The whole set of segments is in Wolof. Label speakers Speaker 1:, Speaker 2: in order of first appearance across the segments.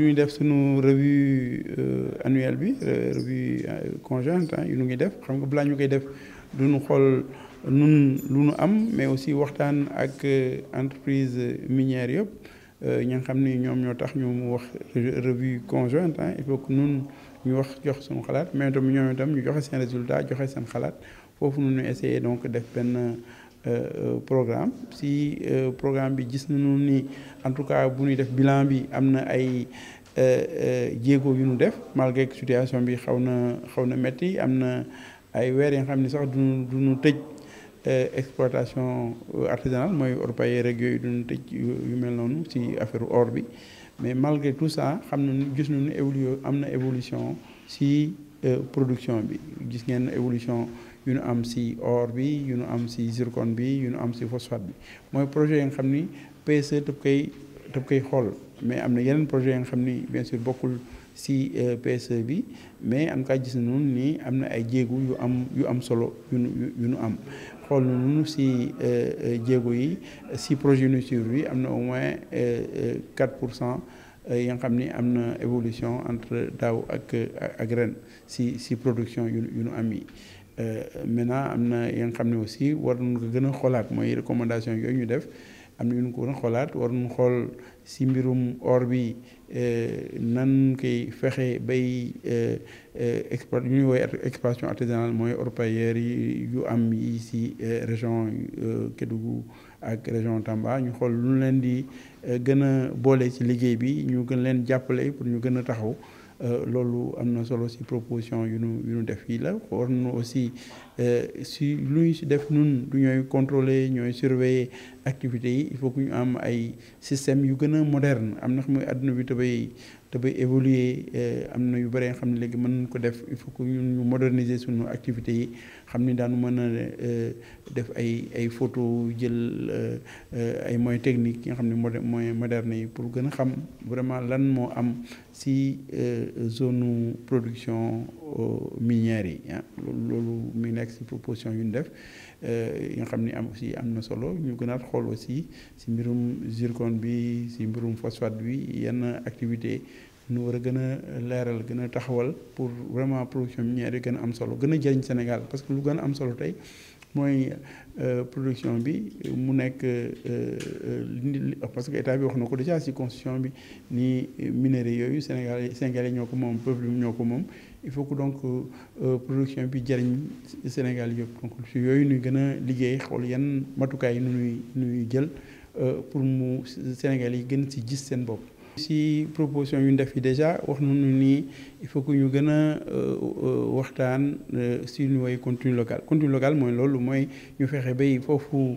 Speaker 1: Nous def suñu revue euh, annuelle bi euh, revue euh, conjointe Nous hein, ngi def mais aussi waxtaan ak entreprise minière yëpp ñi nga ñoom wax revue conjointe hein. il faut que nun ñu wax mais revue ñoom itam ñu joxe résultat joxe avons xalaat foofu ñu essayer donc def euh, euh, programme si euh, programme bi gis ni en tout cas bu ñuy def bilan bi nous nous euh malgré que situation bi na metti nous ay yi sax duñu exploitation artisanale rek bi mais malgré tout ça nous gis évolution évolution Nous production bi gis évolution yu am si or bi yu am si zircon bi yu am si phosphate bi mooy projet yi nga xam ni PSE daf koy daf koy xool mais am na yeneen projet yi nga xam ni bien sûr bokkul si euh, PSE bi mais am tout gis nañu ni am na ay jéego yu am yu am solo yu nu yu nu am xool nañu si euh, euh, jéego yi si projet nu suivre bi am na au moins 4 pour cent yi nga xam ni am na évolution entre daaw ak ak ren si si production yu yu am yi Euh, maintenant am na ya nga xam ne aussi war nañu ko gën a xoolaat mooy recommandation yooyu ñu def am na ñu ko gën a xoolaat war nañu xool si mbirum or bi euh, nan koy fexe bay export ñu woy expansion artisanale mooy orpailleurs yi yu am yi si euh, région Kédougou ak région Tamba ñu xool lu leen di gën a boole ci liggéey bi ñu gën leen jàppale pour ñu gën a taxaw Euh, loolu am na solo si proposition yu nu yu nu def yi la war nañu aussi euh, si lu ñu def nun du ñooy contrôler ñooy surveiller activité yi il faut que ñu am ay système yu gën a moderne am na xam àdduna bi tabay tabay évoluer euh, am na yu bëri nga xam ne léegi mën ko def il faut que ñu moderniser suñu activités yi xam ni daanu mën a def ay ay photo jël ay moy technique yi nga xam ne yi pour gën a xam vraiment lan moo am si zone production euh, minière hein. lolu ah mi nekk si proposition yu ñu def euh, yi nga xamni am aussi amna solo ñu gëna xol aussi ci mbirum zircon bi ci mbirum phosphate bi yenn activité ñu war gëna léral gëna taxawal pour vraiment production minière gëna am solo gëna a jëriñ Sénégal parce que lu gëna am solo tay la euh, production bi mu production euh, euh, parce que état bi ni minerais Sénégalais ñoko peuple il faut que donc production bi Sénégal donc ñu gëna liggéey pour mu sénégalais gën ci gis si proposition yu ñu def yi déjà wax nañu ni il faut que ñu gën a euh, euh, waxtaan euh, si ñu way contenu local contenu local mooy loolu mooy ñu fexe bay foofu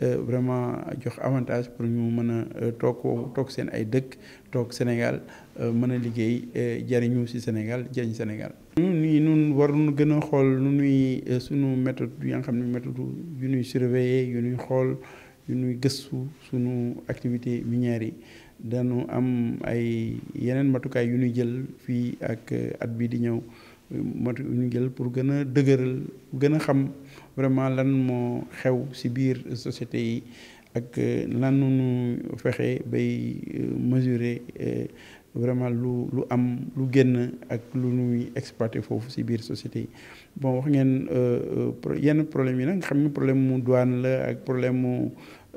Speaker 1: Euh, vraiment jox avantage pour ñu mën a euh, toog toog seen ay dëkk toog Sénégal euh, mën a liggéey jariñu ci Sénégal jariñ Sénégal. ñun ñii ñun war nañu gën a xool nu nuy suñu méthode yi nga xam ne méthode yu ñuy surveiller yu nuy xool yu ñuy gëstu suñu activité minière yi dañu am ay yeneen matukaay yu ñuy jël fii ak at bii di ñëw. mat ñu jël pour gën a dëgëral gën a xam vraiment lan moo xew si biir société yi ak euh, lan ñu fexe bay euh, mesurer euh, vraiment lu lu am lu génn ak lu ñuy exploiter foofu si biir société yi bon wax ngeen yenn problème yi nag xam nga problème mu douane la ak problème mu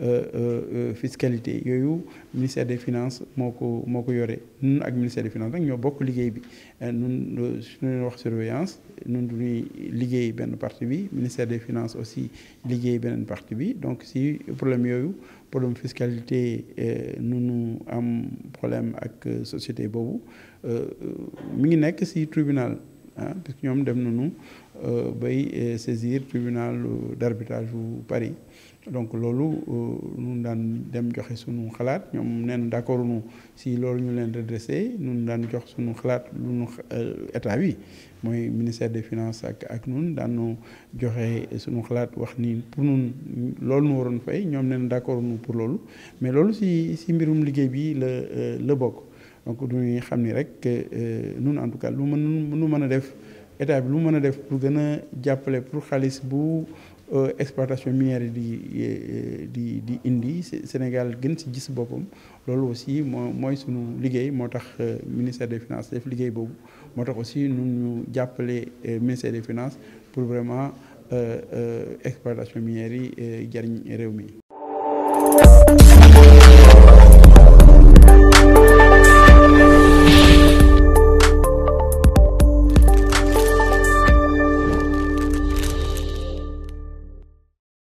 Speaker 1: Euh, euh, euh, fiscalité yoyu ministère des finances moko moko yoré ko nun ak ministère des finances nous ñoo bokk liggéey bi nun suñu wax surveillance nun du ñuy liggéey benn partie bi ministère des finances aussi liggéey beneen partie bi donc si problème yoyu problème fiscalité nous nous am problème ak société bobu mi ngi nekk si tribunal ah parce que ñoom dem nañu euh, bay euh, saisir tribunal euh, d'arbitrage ou Paris donc lolu nun dan dem joxe suñu xalaat ñom neen d'accord nu si lolu ñu leen redressé nun dan jox suñu xalaat lu nu état bi moy ministère des finances ak ak dan daanu joxe suñu xalaat wax ni pour nun lolu nu waroon fay ñom neen d'accord nu pour lolu mais lolu si si mbirum liggéey bi le le bokk donc nous xam ni rek euh, en tout cas lu mën lu def état bi lu mën def pour gëna jappelé pour xaalis bu euh, exploitation minière di euh, di di indi Sénégal gën ci gis boppam lolu aussi moy mooy sunu liggéey motax ministère des finances def liggéey boobu motax aussi nous ñu jàppale ministère des finances pour vraiment exploitation minière yi jariñ réew mi